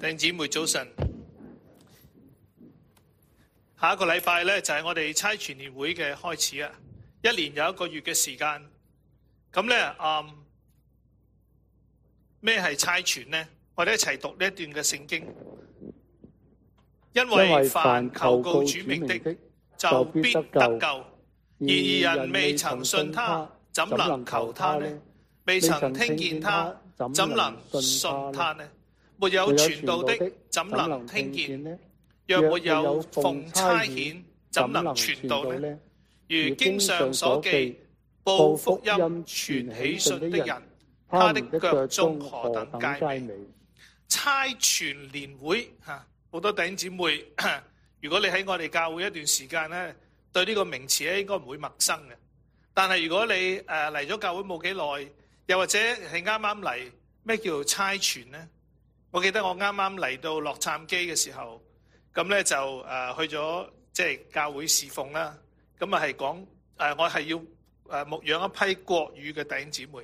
弟兄姊妹早晨，下一個禮拜咧就係我哋猜傳年會嘅開始啊！一年有一個月嘅時間，咁咧，咩、嗯、係猜傳咧？我哋一齊讀呢一段嘅聖經，因為凡求告主名的，的，就必得救；然而人未曾信他，怎能求他呢？未曾聽見他，怎能信他呢？沒有傳道的，怎能聽見呢？若沒有奉差遣，怎能傳道呢？如經上所記，報福音傳喜信的人，他的腳蹤何等佳美！差傳年會吓，好、啊、多弟兄姊妹，如果你喺我哋教會一段時間咧，對呢個名詞咧應該唔會陌生嘅。但係如果你誒嚟咗教會冇幾耐，又或者係啱啱嚟，咩叫做差傳咧？我記得我啱啱嚟到洛杉磯嘅時候，咁咧就誒去咗即係教會侍奉啦。咁啊係講誒，我係要誒牧養一批國語嘅弟兄姊妹。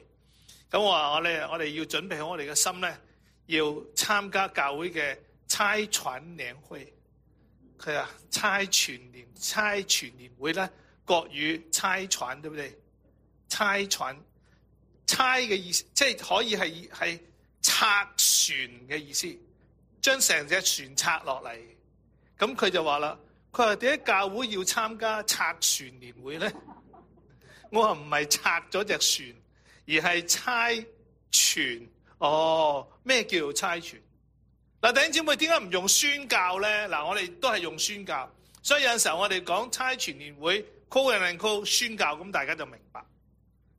咁我話我哋我哋要準備好我哋嘅心咧，要參加教會嘅差傳年會。佢啊，差傳年差傳年會咧，國語差傳對唔對？差傳差嘅意思，即係可以係係。拆船嘅意思，將成隻船拆落嚟，咁佢就話啦，佢話，點解教會要參加拆船年會咧？我話唔係拆咗隻船，而係差傳。哦，咩叫做差傳？嗱，弟兄姊妹，點解唔用宣教咧？嗱，我哋都係用宣教，所以有陣時候我哋講差傳年會，call 人嚟 call 宣教，咁大家就明白。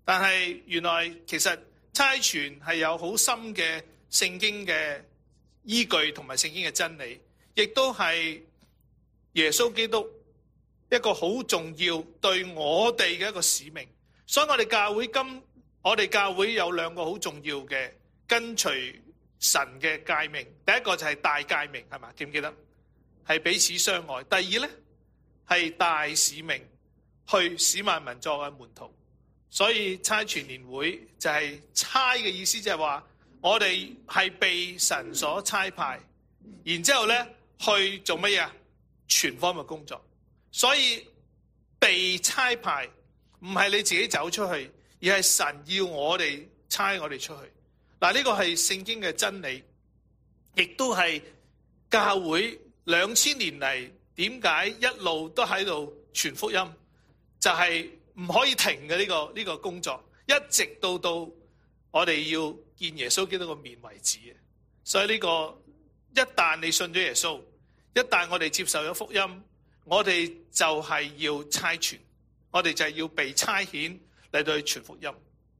但係原來其實。猜傳係有好深嘅聖經嘅依據同埋聖經嘅真理，亦都係耶穌基督一個好重要對我哋嘅一個使命。所以我哋教會今我哋教會有兩個好重要嘅跟隨神嘅誡命。第一個就係大界命，係嘛記唔記得？係彼此相愛。第二咧係大使命，去使萬民作嘅門徒。所以差傳年會就係差嘅意思，就係話我哋係被神所差派，然之後咧去做乜嘢啊？傳福音嘅工作。所以被差派唔係你自己走出去，而係神要我哋差我哋出去。嗱，呢個係聖經嘅真理，亦都係教會兩千年嚟點解一路都喺度傳福音，就係、是。唔可以停嘅呢個呢個工作，一直到到我哋要見耶穌見到個面為止嘅。所以呢個一旦你信咗耶穌，一旦我哋接受咗福音，我哋就係要差傳，我哋就係要被差遣嚟到去傳福音。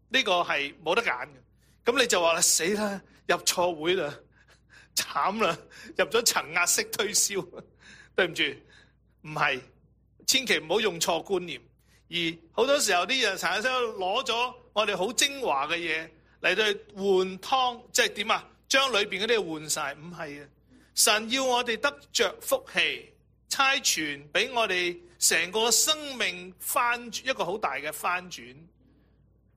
呢個係冇得揀嘅。咁你就話啦，死啦，入錯會啦，慘啦，入咗層壓式推銷。對唔住，唔係，千祈唔好用錯觀念。而好多時候啲人產生攞咗我哋好精華嘅嘢嚟到去換湯，即係點啊？將、就是、裏邊嗰啲換晒唔係啊！神要我哋得着福氣，差傳俾我哋成個生命翻一個好大嘅翻轉。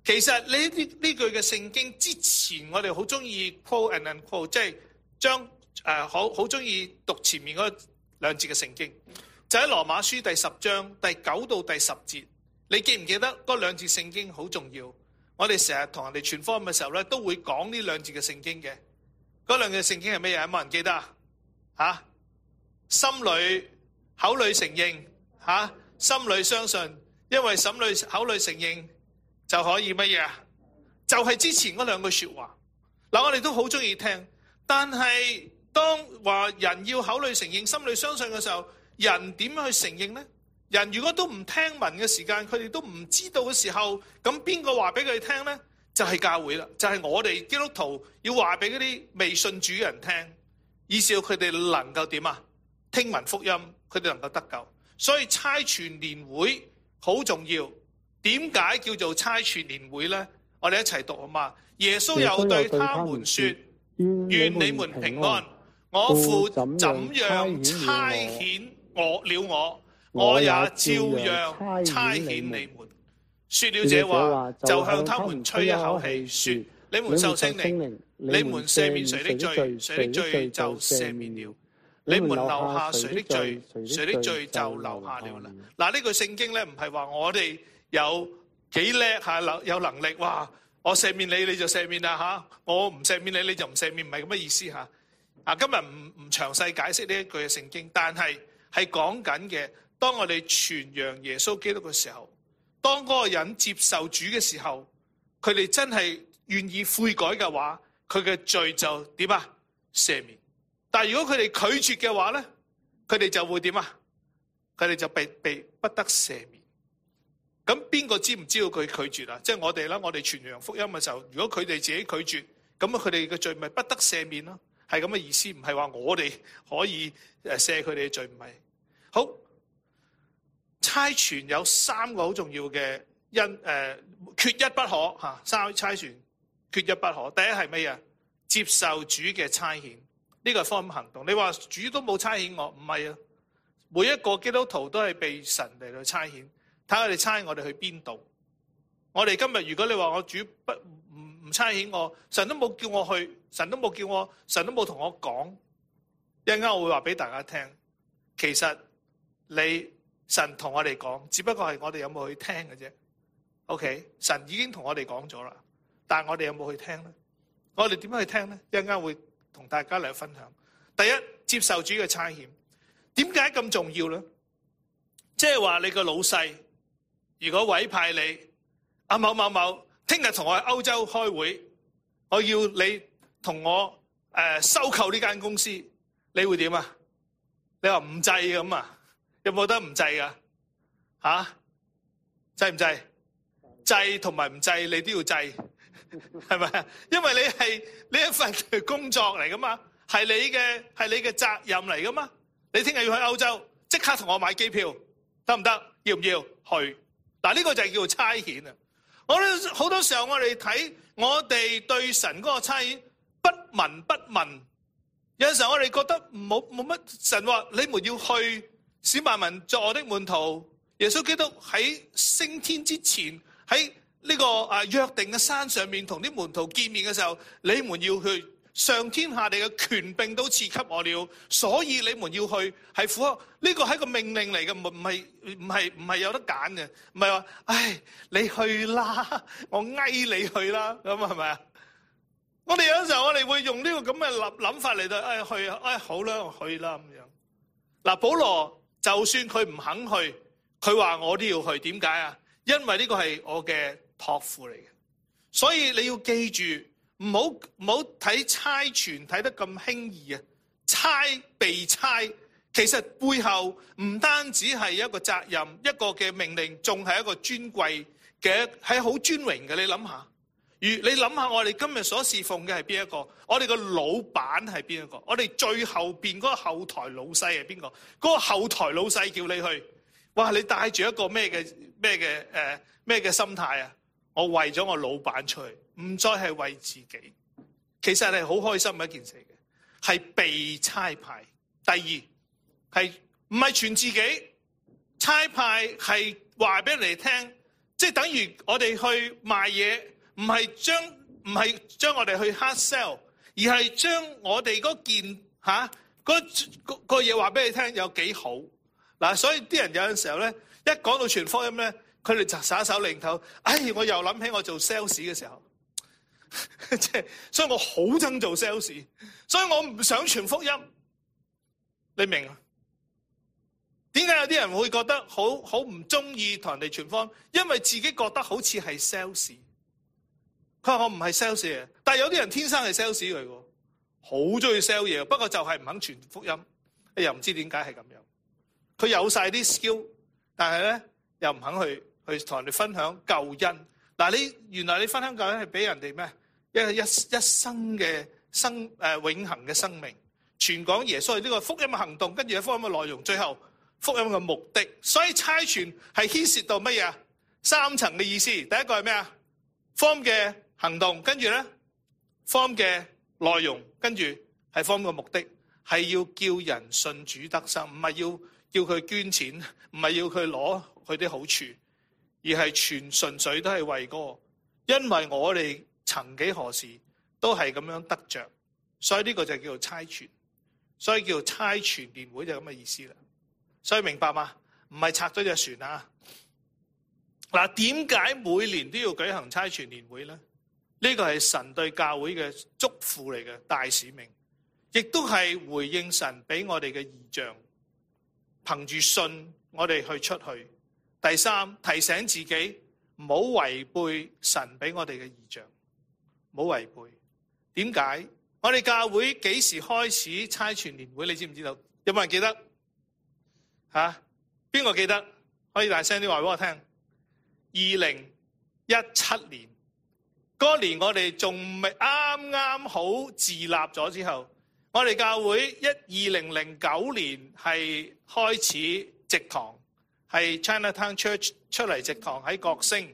其實呢呢句嘅聖經之前，我哋好中意 quote and unquote，即係將誒好好中意讀前面嗰兩節嘅聖經就喺羅馬書第十章第九到第十節。你記唔記得嗰兩節聖經好重要？我哋成日同人哋傳福音嘅時候咧，都會講呢兩節嘅聖經嘅。嗰兩個聖經係咩嘢啊？冇人記得啊？吓，心裡口裡承認，吓、啊，心裡相信，因為心裡口裡承認就可以乜嘢啊？就係、是、之前嗰兩句說話。嗱，我哋都好中意聽，但係當話人要口裡承認、心裡相信嘅時候，人點樣去承認咧？人如果都唔聽聞嘅時間，佢哋都唔知道嘅時候，咁邊個話俾佢哋聽呢？就係、是、教會啦，就係、是、我哋基督徒要話俾嗰啲未信主嘅人聽，以致佢哋能夠點啊？聽聞福音，佢哋能夠得救。所以差傳年會好重要。點解叫做差傳年會呢？我哋一齊讀啊嘛！耶穌又對他們說，說：願你們平，平安。我父怎樣差遣我了我？了我我也照樣差遣你們，說了這話就向他們吹一口氣，說：你們受聖靈，你們赦免誰的罪，誰的罪就赦免了；你們留下誰的罪，誰的、的、的罪就留下了啦。嗱、啊、呢句聖經咧，唔係話我哋有幾叻吓有有能力哇！我赦免你，你就赦免啦吓，我唔赦免你，你就唔赦免，唔係咁嘅意思吓、啊。啊，今日唔唔詳細解釋呢一句嘅聖經，但係係講緊嘅。當我哋傳揚耶穌基督嘅時候，當嗰個人接受主嘅時候，佢哋真係願意悔改嘅話，佢嘅罪就點啊？赦免。但係如果佢哋拒絕嘅話咧，佢哋就會點啊？佢哋就被被不得赦免。咁邊個知唔知道佢拒絕啊？即係我哋啦。我哋傳揚福音嘅時候，如果佢哋自己拒絕，咁啊，佢哋嘅罪咪不得赦免咯。係咁嘅意思，唔係話我哋可以誒赦佢哋嘅罪，唔係。好。差傳有三個好重要嘅因，誒、呃，缺一不可吓。三差傳缺一不可。第一係咩啊？接受主嘅差遣，呢、這個係福音行動。你話主都冇差遣我，唔係啊！每一個基督徒都係被神嚟到差遣，睇下你差遣我哋去邊度。我哋今日如果你話我主不唔唔差遣我，神都冇叫我去，神都冇叫我，神都冇同我講。一陣間我會話俾大家聽，其實你。神同我哋講，只不過係我哋有冇去聽嘅啫。OK，神已經同我哋講咗啦，但係我哋有冇去聽咧？我哋點樣去聽咧？一陣間會同大家嚟分享。第一，接受主嘅差遣，點解咁重要咧？即係話你個老細如果委派你阿、啊、某某某聽日同我去歐洲開會，我要你同我誒、呃、收購呢間公司，你會點啊？你話唔制咁啊？有冇得唔制噶？啊？制唔制？制同埋唔制，你都要制，係咪？因為你係呢一份工作嚟㗎嘛，係你嘅係你嘅責任嚟㗎嘛。你聽日要去歐洲，即刻同我買機票得唔得？要唔要去？嗱，呢個就係叫做差遣。我哋好多時候我哋睇我哋對神嗰個差遣不聞不問，有時候我哋覺得冇冇乜神話，你們要去。使萬民作我的門徒，耶穌基督喺升天之前喺呢、這個啊約定嘅山上面同啲門徒見面嘅時候，你們要去，上天下地嘅權柄都賜給我了，所以你們要去，係符合，呢個係一個命令嚟嘅，唔唔係唔係唔係有得揀嘅，唔係話唉你去啦，我嗌你去啦咁，係咪啊？我哋有時候，我哋會用呢、這個咁嘅諗諗法嚟到，唉去啊，唉好啦我去啦咁樣。嗱，保羅。就算佢唔肯去，佢話我都要去，點解啊？因為呢個係我嘅託付嚟嘅，所以你要記住，唔好唔好睇差傳睇得咁輕易啊！差，被差，其實背後唔單止係一個責任，一個嘅命令，仲係一個尊貴嘅，係好尊榮嘅，你諗下。如你諗下，我哋今日所侍奉嘅係邊一個？我哋個老闆係邊一個？我哋最後邊嗰個後台老細係邊個？嗰個後台老細叫你去，哇！你帶住一個咩嘅咩嘅咩嘅心態啊？我為咗我老闆出去，唔再係為自己。其實係好開心嘅一件事嘅，係被差派。第二係唔係全自己，差派係話俾你哋聽，即係等於我哋去賣嘢。唔係將唔係將我哋去 hard sell，而係將我哋嗰件嚇嗰個嘢話俾你聽有幾好嗱、啊。所以啲人有陣時候咧，一講到傳福音咧，佢哋就耍手擰頭。哎，我又諗起我做 sales 嘅時候，即 係所以我好憎做 sales，所以我唔想傳福音。你明啊？點解有啲人會覺得好好唔中意同人哋傳福音，因為自己覺得好似係 sales。佢話我唔係 sales 嘅，但係有啲人天生係 sales 嚟喎，好中意 sell 嘢。不過就係唔肯傳福音，又唔知點解係咁樣。佢有晒啲 skill，但係咧又唔肯去去同人哋分享救恩。嗱，你原來你分享救恩係俾人哋咩？一一,一生嘅生、呃、永恆嘅生命。傳講耶穌係呢個福音嘅行動，跟住係福音嘅內容，最後福音嘅目的。所以差傳係牽涉到乜嘢？三層嘅意思，第一個係咩啊？form 嘅。行動跟住咧，方嘅內容跟住係方嘅目的，係要叫人信主得生，唔係要叫佢捐錢，唔係要佢攞佢啲好處，而係全純粹都係為嗰個，因為我哋曾幾何時都係咁樣得着，所以呢個就叫做差傳，所以叫做差傳年會就咁嘅意思啦。所以明白嘛？唔係拆咗隻船啊！嗱，點解每年都要舉行差傳年會咧？呢、這個係神對教會嘅祝福嚟嘅大使命，亦都係回應神俾我哋嘅異象。憑住信，我哋去出去。第三，提醒自己唔好違背神俾我哋嘅異象，唔好違背。點解？我哋教會幾時開始差傳年會？你知唔知道？有冇人記得？吓、啊，邊個記得？可以大聲啲話俾我聽。二零一七年。嗰年我哋仲未啱啱好自立咗之後，我哋教會一二零零九年係開始植堂，係 Chinatown Church 出嚟植堂喺國星。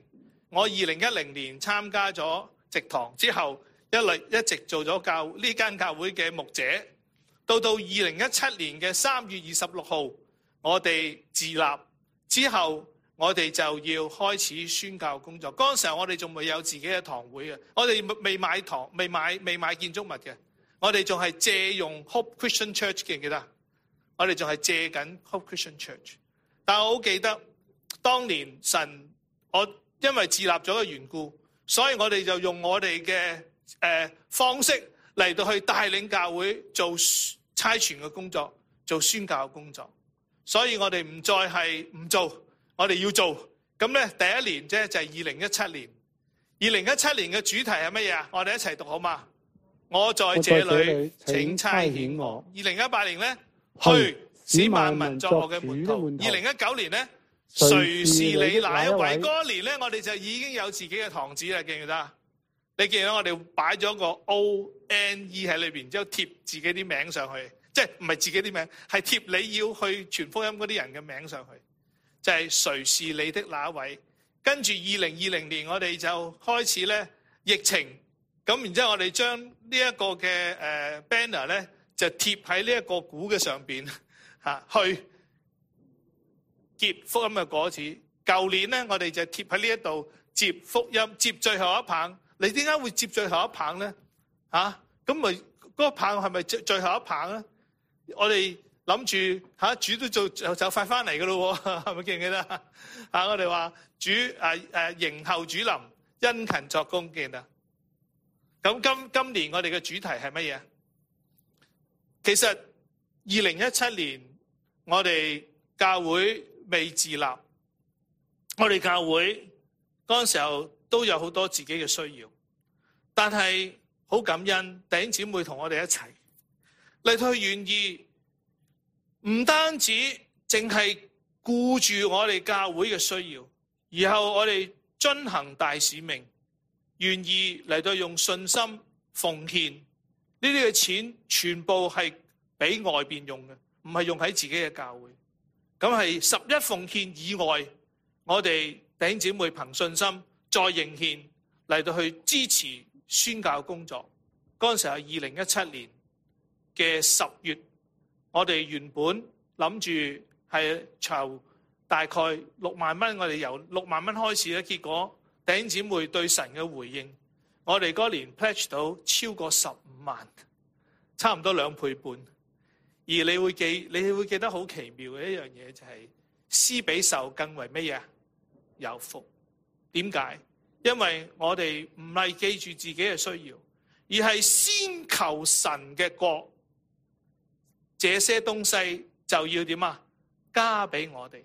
我二零一零年參加咗植堂之後，一嚟一直做咗教呢間教會嘅牧者，到到二零一七年嘅三月二十六號，我哋自立之後。我哋就要開始宣教工作。嗰陣時候，我哋仲未有自己嘅堂會嘅，我哋未買堂、未買、未買建築物嘅，我哋仲係借用 Hope Christian Church 記唔記得啊？我哋仲係借緊 Hope Christian Church。但我好記得，當年神我因為自立咗嘅緣故，所以我哋就用我哋嘅誒方式嚟到去帶領教會做差傳嘅工作，做宣教嘅工作。所以我哋唔再係唔做。我哋要做咁咧，第一年啫，就係二零一七年。二零一七年嘅主題係乜嘢啊？我哋一齊讀好嘛？我在，我在這裏，請差遣我。二零一八年咧，去使萬民作我嘅門徒。二零一九年咧，誰是你乃為嗰年咧？我哋就已經有自己嘅堂子啦，記唔記得？你記唔記得？我哋擺咗個 O N E 喺裏邊，之後貼自己啲名上去，即係唔係自己啲名，係貼你要去傳福音嗰啲人嘅名上去。就係、是、誰是你的哪一位？跟住二零二零年，我哋就開始咧疫情，咁然之後我哋將、呃、呢一個嘅誒 Banner 咧就貼喺呢一個鼓嘅上邊嚇、啊，去結福音嘅果子。舊年咧，我哋就貼喺呢一度接福音，接最後一棒。你點解會接最後一棒咧？嚇、啊，咁咪嗰棒係咪最最後一棒咧？我哋。諗住嚇主都做就，就快翻嚟噶咯喎，係、啊、咪記唔記得、啊？我哋話主、啊啊、迎候主臨，殷勤作工，記唔記得？咁今今年我哋嘅主題係乜嘢？其實二零一七年我哋教會未自立，我哋教會嗰陣時候都有好多自己嘅需要，但係好感恩弟兄姊妹同我哋一齊嚟到去願意。唔單止淨係顧住我哋教會嘅需要，然後我哋遵行大使命，願意嚟到用信心奉獻呢啲嘅錢，全部係俾外邊用嘅，唔係用喺自己嘅教會。咁係十一奉獻以外，我哋弟兄姊妹憑信心再認獻嚟到去支持宣教工作。嗰陣時係二零一七年嘅十月。我哋原本諗住係籌大概六萬蚊，我哋由六萬蚊開始咧，結果弟兄姊妹對神嘅回應，我哋嗰年 pledge 到超過十五萬，差唔多兩倍半。而你會記，你會記得好奇妙嘅一樣嘢，就是，就係施比受更為乜嘢？有福。點解？因為我哋唔係記住自己嘅需要，而係先求神嘅國。這些東西就要點啊？加俾我哋。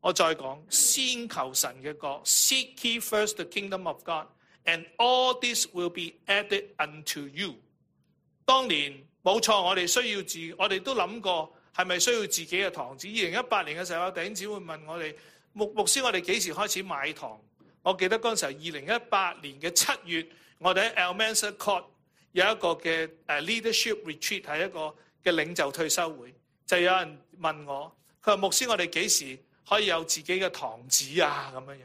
我再講，先求神嘅國，seek ye first the kingdom of God，and all this will be added unto you。當年冇錯，我哋需要自，我哋都諗過係咪需要自己嘅堂子。二零一八年嘅時候，頂子會問我哋牧牧師，我哋幾時開始買堂？我記得嗰陣時候，二零一八年嘅七月，我哋喺 Elmendor Court 有一個嘅、uh, leadership retreat 係一個，嘅領袖退休會就有人問我，佢話牧師，我哋幾時可以有自己嘅堂子啊？咁樣樣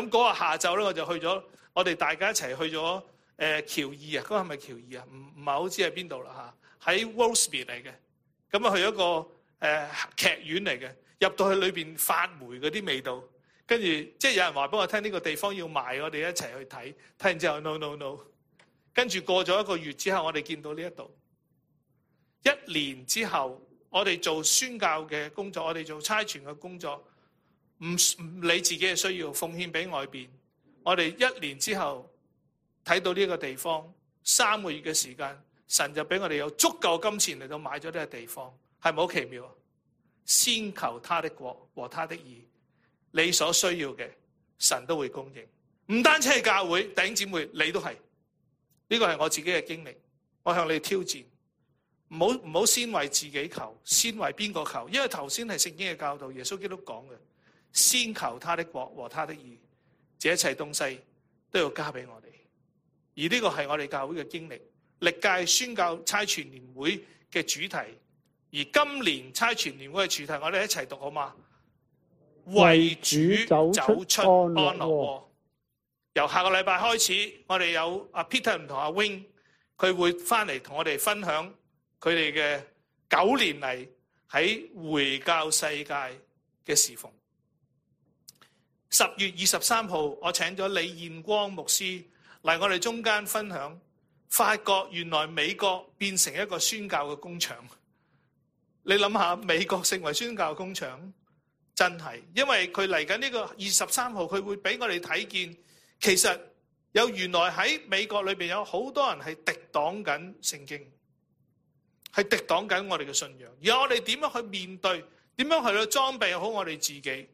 咁嗰日下晝咧，我就去咗，我哋大家一齊去咗誒喬二啊，嗰個係咪喬二啊？唔唔係好知喺邊度啦嚇，喺 Walsby 嚟嘅，咁啊去一個誒、呃、劇院嚟嘅，入到去裏面發霉嗰啲味道，跟住即係有人話俾我聽呢個地方要賣，我哋一齊去睇，睇完之後 no no no，跟住過咗一個月之後，我哋見到呢一度。一年之後，我哋做宣教嘅工作，我哋做差傳嘅工作，唔理你自己嘅需要，奉獻俾外邊。我哋一年之後睇到呢個地方，三個月嘅時間，神就俾我哋有足夠金錢嚟到買咗呢個地方，係咪好奇妙？先求他的國和他的義，你所需要嘅，神都會供應。唔單止係教會頂姊妹，你都係呢個係我自己嘅經歷。我向你挑戰。唔好唔好先為自己求，先為邊個求？因為頭先係聖經嘅教導，耶穌基督講嘅，先求他的國和他的義，這一切東西都要加俾我哋。而呢個係我哋教會嘅經歷，歷屆宣教差傳年會嘅主題，而今年差傳年會嘅主題，我哋一齊讀好嘛？為主走出安樂。由下個禮拜開始，我哋有阿 Peter 同阿 Wing，佢會翻嚟同我哋分享。佢哋嘅九年嚟喺回教世界嘅侍奉，十月二十三號我請咗李彥光牧師嚟我哋中間分享，發覺原來美國變成一個宣教嘅工場。你諗下美國成為宣教的工場，真係，因為佢嚟緊呢個二十三號，佢會俾我哋睇見，其實有原來喺美國裏面，有好多人係敵擋緊聖經，係敵擋緊我哋嘅信仰，而我哋點樣去面對？點樣去去裝備好我哋自己？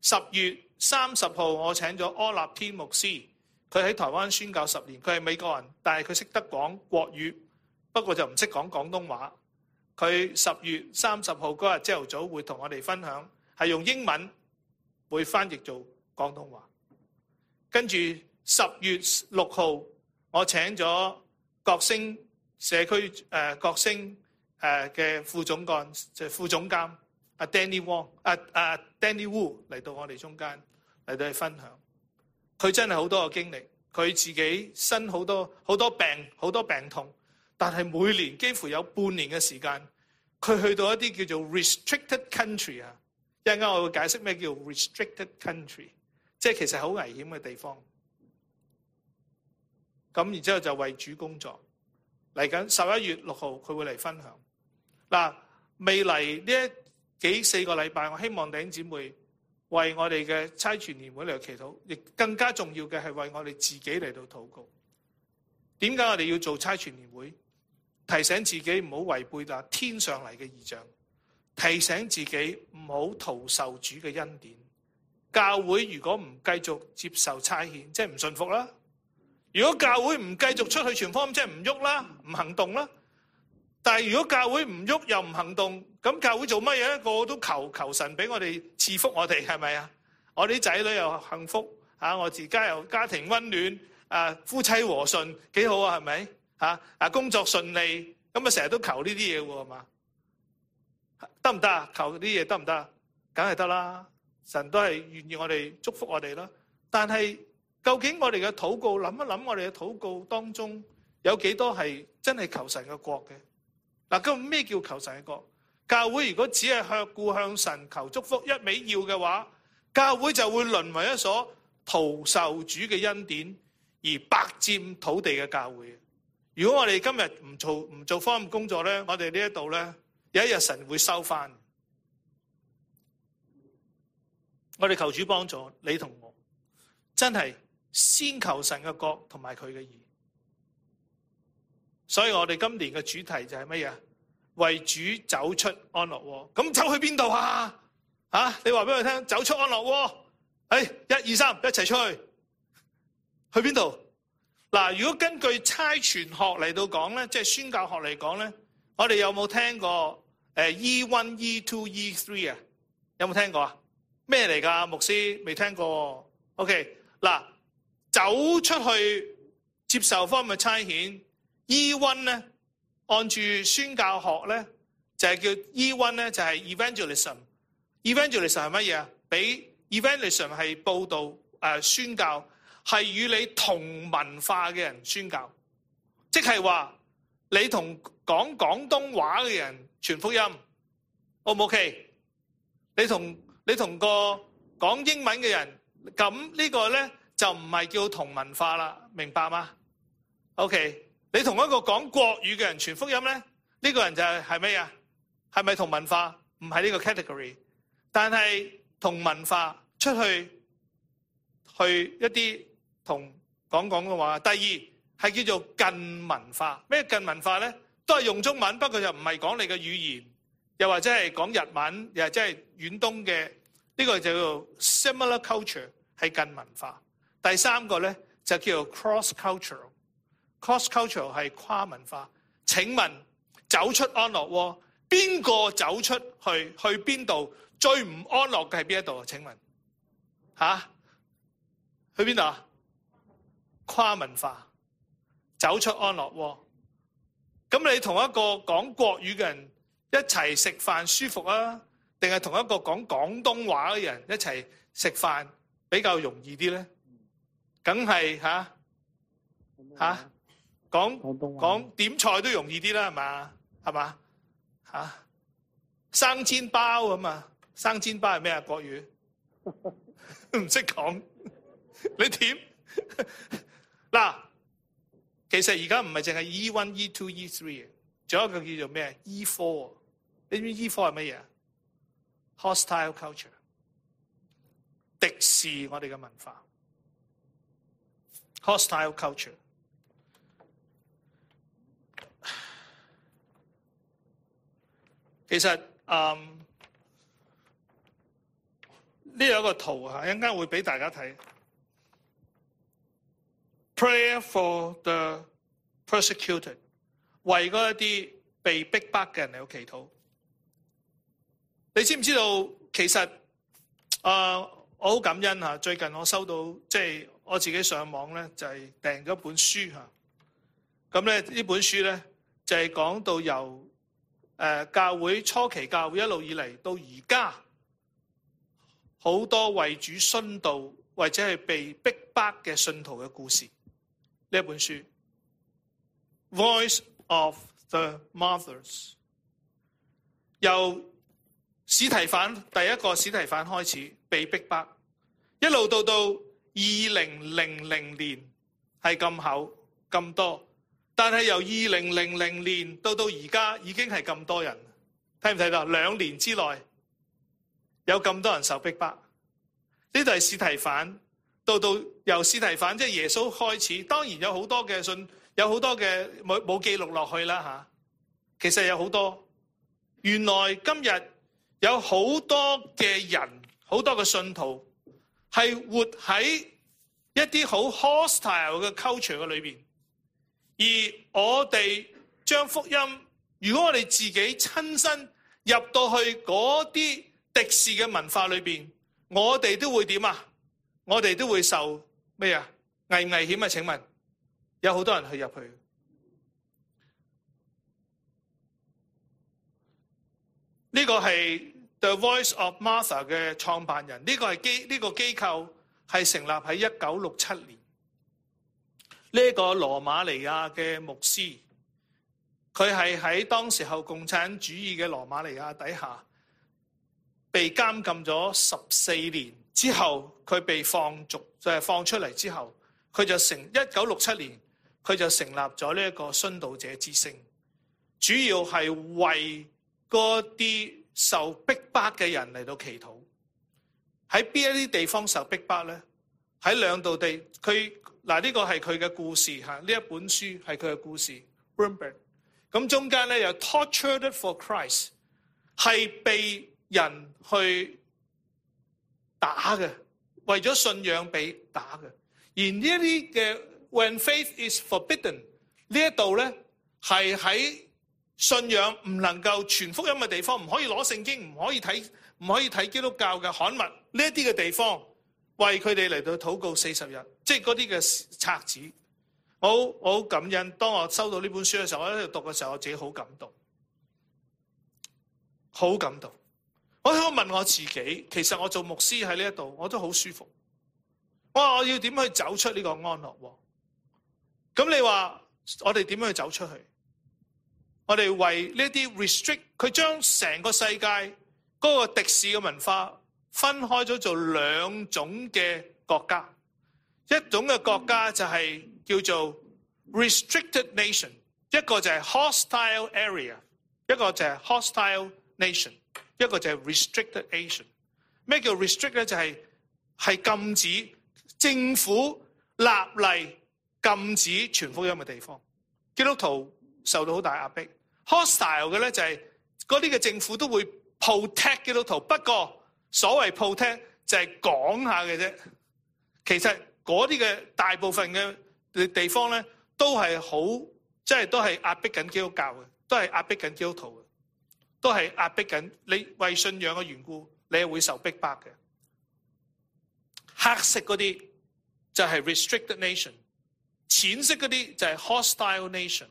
十月三十號我請咗柯立天牧師，佢喺台灣宣教十年，佢係美國人，但係佢識得講國語，不過就唔識講廣東話。佢十月三十號嗰日朝頭早會同我哋分享，係用英文會翻譯做廣東話。跟住十月六號我請咗國星社區誒國星嘅副總幹就係副總監阿、就是、Danny Wong 阿、啊啊、Danny Wu 嚟到我哋中間嚟到去分享，佢真係好多個經歷，佢自己身好多好多病好多病痛，但係每年幾乎有半年嘅時間，佢去到一啲叫做 restricted country 啊，一陣間我會解釋咩叫 restricted country，即係其實好危險嘅地方，咁然之後就為主工作。嚟緊十一月六號，佢會嚟分享。嗱，未嚟呢幾四個禮拜，我希望弟兄姊妹為我哋嘅差傳年會嚟祈禱，亦更加重要嘅係為我哋自己嚟到禱告。點解我哋要做差傳年會？提醒自己唔好違背嗱天上嚟嘅異象，提醒自己唔好徒受主嘅恩典。教會如果唔繼續接受差遣，即係唔信服啦。如果教會唔繼續出去傳福音，即係唔喐啦，唔行動啦。但係如果教會唔喐又唔行動，咁教會做乜嘢咧？個個都求求神畀我哋賜福我哋，係咪啊？我啲仔女又幸福，我自家又家庭溫暖，啊夫妻和順，幾好啊？係咪吓啊，工作順利，咁成日都求呢啲嘢喎，係嘛？得唔得啊？求呢啲嘢得唔得啊？梗係得啦，神都係願意我哋祝福我哋啦。但係。究竟我哋嘅禱告諗一諗，我哋嘅禱告當中有幾多係真係求神嘅國嘅？嗱，咁咩叫求神嘅國？教會如果只係向故向神求祝福一味要嘅話，教會就會淪為一所徒受主嘅恩典而白佔土地嘅教會。如果我哋今日唔做唔做福音工作咧，我哋呢一度咧有一日神會收翻。我哋求主幫助你同我，真係。先求神嘅國同埋佢嘅義，所以我哋今年嘅主題就係乜嘢？為主走出安樂窩，咁走去邊度啊？吓、啊，你話俾我聽，走出安樂窩、哎。一二三，一齊出去，去邊度？嗱，如果根據差傳學嚟到講咧，即係宣教學嚟講咧，我哋有冇聽過誒？E one、E two、E three 啊？有冇聽過啊？咩嚟噶？牧師未聽過？OK，嗱。走出去接受方面嘅差遣，E1 咧按住宣教學咧就係叫 E1 咧就係、是、evangelism。evangelism 係乜嘢啊？俾 evangelism 係佈道、呃、宣教，係與你同文化嘅人宣教，即係話你同講廣東話嘅人傳福音，O 唔 OK？你同你同個講英文嘅人咁呢個咧？就唔係叫同文化啦，明白嗎？OK，你同一個講國語嘅人傳福音咧，呢個人就係係咩啊？係咪同文化？唔係呢個 category，但係同文化出去去一啲同講講嘅話。第二係叫做近文化，咩近文化咧？都係用中文，不過就唔係講你嘅語言，又或者係講日文，又或者係遠東嘅呢個就叫做 similar culture，係近文化。第三個呢，就叫做 cross-cultural，cross-cultural 係 cross-cultural 跨文化。請問走出安樂窩，邊個走出去去邊度？最唔安樂嘅係邊一度啊？請問吓、啊，去邊度啊？跨文化走出安樂窩。咁你同一個講國語嘅人一齊食飯舒服啊？定係同一個講廣東話嘅人一齊食飯比較容易啲呢？梗係吓，嚇講講點菜都容易啲啦，係嘛？係嘛？吓、啊，生煎包啊嘛，生煎包係咩啊？國語唔識講，你點嗱？其實而家唔係淨係 E one、E two、E three，仲有一個叫做咩 E four？你知唔知 E four 係乜嘢？Hostile culture，敵視我哋嘅文化。Hostile culture。其實啊，呢、um, 有一個圖嚇，陣間會俾大家睇。Prayer for the persecuted，為嗰一啲被逼迫嘅人嚟到祈禱。你知唔知道？其實啊、呃，我好感恩。最近我收到即係。我自己上網咧就係訂咗本書嚇，咁咧呢本書咧就係、是、講到由誒教會初期教會一路以嚟到而家好多為主殉道或者係被逼迫嘅信徒嘅故事呢一本書《Voice of the Mothers》，由史提反第一個史提反開始被逼迫，一路到到。二零零零年係咁厚咁多，但係由二零零零年到到而家已經係咁多人，睇唔睇到兩年之內有咁多人受逼迫，迫？呢度係司提反，到到由司提反即係、就是、耶穌開始，當然有好多嘅信，有好多嘅冇冇記錄落去啦吓。其實有好多，原來今日有好多嘅人，好多嘅信徒。係活喺一啲好 hostile 嘅 culture 裏面，而我哋將福音，如果我哋自己親身入到去嗰啲敵視嘅文化裏面，我哋都會點樣？我哋都會受咩啊？危唔危險啊？請問有好多人去入去，呢、這個係。The Voice of Martha 嘅創辦人，呢、這個係機呢個機構係成立喺一九六七年。呢、這個羅馬尼亞嘅牧師，佢係喺當時候共產主義嘅羅馬尼亞底下被監禁咗十四年之後，佢被放逐就係、是、放出嚟，之後，佢就成一九六七年佢就成立咗呢一個殉道者之聲，主要係為嗰啲受逼迫嘅人嚟到祈禱，喺邊一啲地方受逼迫咧？喺兩度地，佢嗱，呢個係佢嘅故事吓，呢一本書係佢嘅故事。Wurmbrand 咁中間咧又 tortured for Christ 係被人去打嘅，為咗信仰俾打嘅。而呢一啲嘅 When faith is forbidden 這呢一度咧係喺。信仰唔能夠傳福音嘅地方，唔可以攞聖經，唔可以睇，唔可以睇基督教嘅刊物呢一啲嘅地方，為佢哋嚟到禱告四十日，即係嗰啲嘅冊子。我好，我好感恩。當我收到呢本書嘅時候，我喺度讀嘅時候，我自己好感動，好感動。我想問我自己，其實我做牧師喺呢一度，我都好舒服。我話我要點去走出呢個安樂？咁你話我哋點樣去走出去？我哋為呢啲 restrict，佢將成個世界嗰個敵視嘅文化分開咗做兩種嘅國家，一種嘅國家就係叫做 restricted nation，一個就係 hostile area，一個就係 hostile nation，一個就係 restricted nation。咩叫 restrict 咧？就係、係、係禁止政府立例禁止傳福音嘅地方，基督徒受到好大壓迫。hostile 嘅咧就係嗰啲嘅政府都會 protect 基督徒，不過所謂 protect 就係講下嘅啫。其實嗰啲嘅大部分嘅地方咧都係好，即係都係壓迫緊基督教嘅，都係壓迫緊基督徒嘅，都係壓迫緊你為信仰嘅緣故，你會受逼迫嘅。黑色嗰啲就係 restricted nation，淺色嗰啲就係 hostile nation。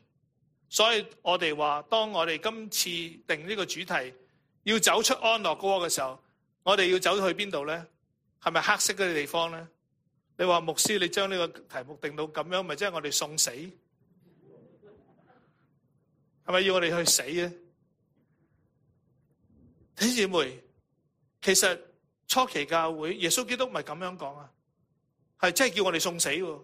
所以我哋話，當我哋今次定呢個主題要走出安樂窩嘅時候，我哋要走去邊度呢？係咪黑色嗰啲地方呢？你話牧師，你將呢個題目定到咁樣，咪即係我哋送死？係咪要我哋去死呢？咧？姊妹，其實初期教會耶穌基督唔係咁樣講呀，係真係叫我哋送死喎！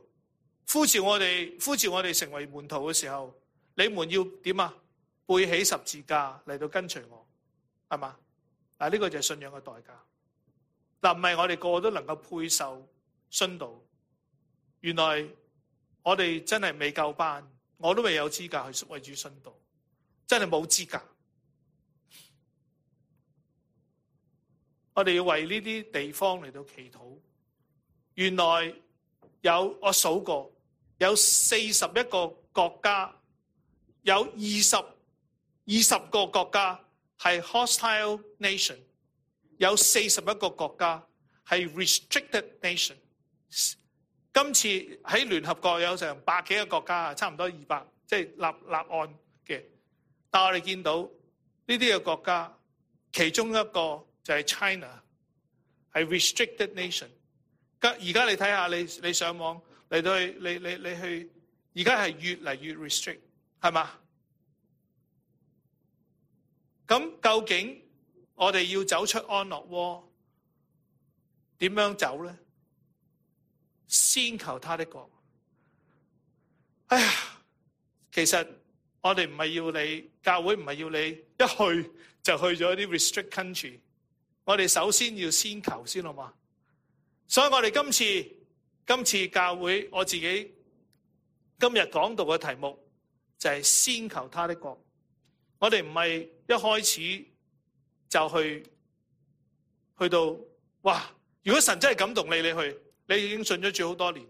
呼召我哋，呼召我哋成為門徒嘅時候。你們要點啊？背起十字架嚟到跟隨我，係嘛？嗱，呢個就係信仰嘅代價。但唔係我哋個個都能夠配受殉道。原來我哋真係未夠班，我都未有資格去為主殉道，真係冇資格。我哋要為呢啲地方嚟到祈禱。原來有我數過，有四十一個國家。有二十二十個國家係 hostile nation，有四十一個國家係 restricted nation。今次喺聯合國有成百幾個國家啊，差唔多二百，即係立立案嘅。但係我哋見到呢啲嘅國家，其中一個就係 China 係 restricted nation。而家你睇下，你你上網嚟到去，你你你去而家係越嚟越 restrict。係嘛？咁究竟我哋要走出安樂窩，點樣走咧？先求他的國。哎呀，其實我哋唔係要你，教會唔係要你，一去就去咗啲 restrict country。我哋首先要先求先好嘛。所以我哋今次今次教會，我自己今日講道嘅題目。就係先求他的國，我哋唔係一開始就去去到，哇！如果神真的感動你，你去，你已經信咗主好多年，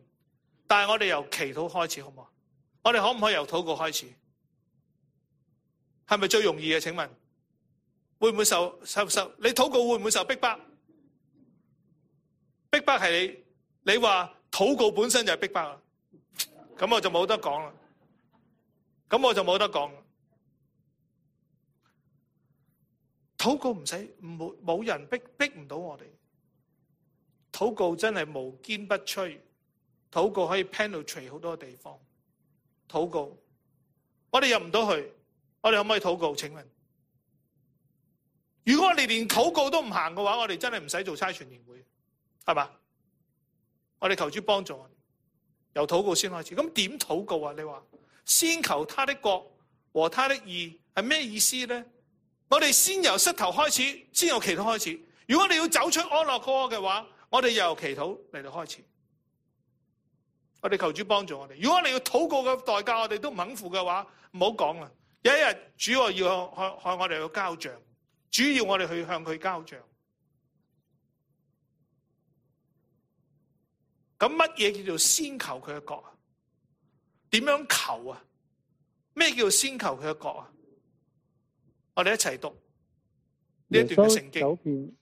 但係我哋由祈禱開始，好唔好？我哋可唔可以由禱告開始？係咪最容易嘅？請問會唔會受受受？你禱告會唔會受逼迫？逼迫係你你話禱告本身就逼迫，咁我就冇得講啦。咁我就冇得講，禱告唔使，冇冇人逼逼唔到我哋。禱告真係無堅不摧，禱告可以 penetrate 好多地方。禱告，我哋入唔到去，我哋可唔可以禱告？請問，如果我哋連禱告都唔行嘅話，我哋真係唔使做差傳年會，係嘛？我哋求主幫助我，由禱告先開始。咁點禱告啊？你話？先求他的國和他的義係咩意思呢？我哋先由膝頭開始，先由祈禱開始。如果你要走出安樂窩嘅話，我哋由祈禱嚟到開始。我哋求主幫助我哋。如果你要禱告嘅代價，我哋都唔肯付嘅話，唔好講啦。有一日主要要向向我哋去交賬，主要我哋去向佢交賬。咁乜嘢叫做先求佢嘅國？點樣求啊？咩叫先求佢嘅國啊？我哋一齊讀呢一段嘅聖經，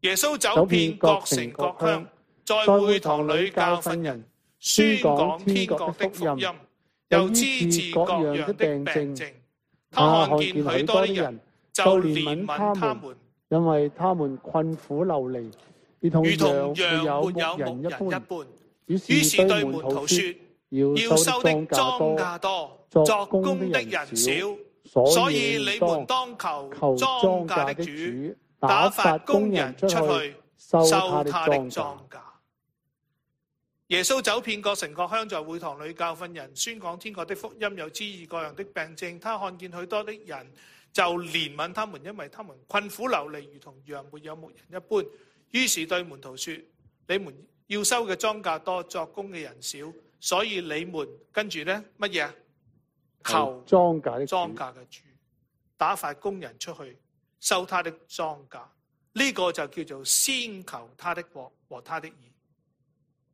耶穌走遍，走遍各城各鄉，在會堂裏教訓人，宣講天國的福音，醫治各樣嘅病症，他、啊、看見許多的人，就憐憫他們，因為他們困苦流離，如同羊沒有牧人一般。於是對門徒說。要收的莊稼多，作工的人少，所以你們當求莊稼的主，打發工人出去收他的莊稼。耶穌走遍各城各鄉，在會堂裏教訓人，宣講天國的福音，醫治各樣的病症。他看見許多的人，就憐憫他們，因為他們困苦流離，如同羊沒有牧人一般。於是對門徒說：你們要收嘅莊稼多，作工嘅人少。所以你們跟住咧乜嘢啊？求莊稼的莊稼嘅主，打發工人出去收他的莊稼。呢個就叫做先求他的國和他的義。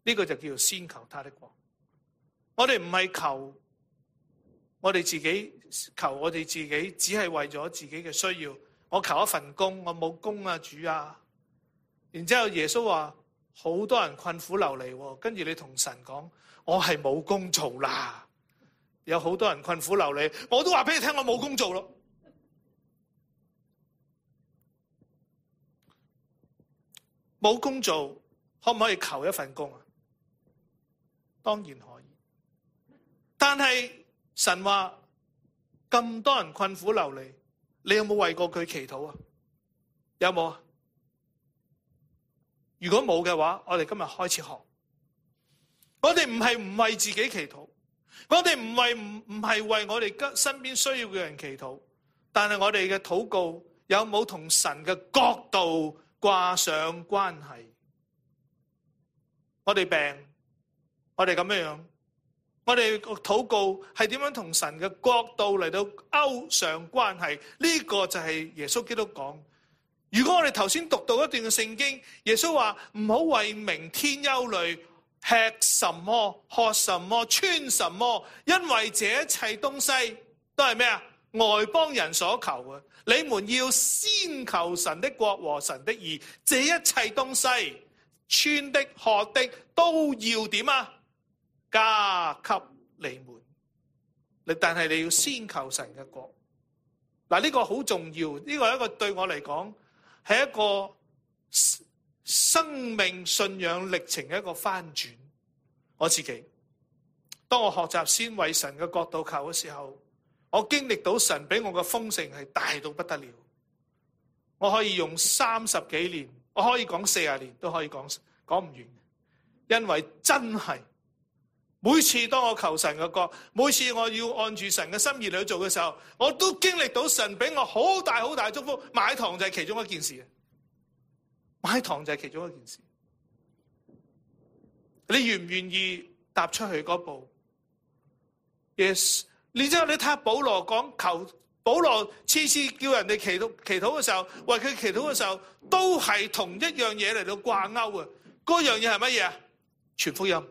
呢個就叫做先求他的國。我哋唔係求我哋自己，求我哋自己只係為咗自己嘅需要。我求一份工，我冇工啊，主啊。然之後耶穌話好多人困苦流離啊，跟住你同神講。我係冇工做啦，有好多人困苦流離，我都話俾你聽，我冇工做咯。冇工做，可唔可以求一份工啊？當然可以，但係，神話咁多人困苦流離，你有冇有為過佢祈禱啊？有冇啊？如果冇嘅話，我哋今日開始學。我哋唔係唔為自己祈禱，我哋唔係唔唔係為我哋身邊需要嘅人祈禱，但係我哋嘅禱告有冇同神嘅國度掛上關係？我哋病，我哋咁樣樣，我哋禱告係點樣同神嘅國度嚟到勾上關係？呢個就係耶穌基督講。如果我哋頭先讀到一段嘅聖經，耶穌話唔好為明天憂慮。吃什麼、喝什麼、穿什麼？因為這一切東西都係咩啊？外邦人所求嘅。你們要先求神的國和神的義，這一切東西、穿的、喝的都要點啊？加給你們。你但係你要先求神嘅國。嗱，呢個好重要，呢個一個對我嚟講係一個。生命信仰歷程嘅一個翻轉，我自己，當我學習先為神嘅角度求嘅時候，我經歷到神俾我嘅豐盛係大到不得了。我可以用三十幾年，我可以講四十年都可以講講唔完，因為真係每次當我求神嘅國，每次我要按住神嘅心意嚟去做嘅時候，我都經歷到神俾我好大好大祝福。買堂就係其中一件事。買糖就係其中一件事，你願唔願意踏出去嗰步？Yes，然之後你睇下保羅講求保羅次次叫人哋祈禱祈禱嘅時候，為佢祈禱嘅時候，都係同一樣嘢嚟到掛勾啊！嗰樣嘢係乜嘢？傳福音，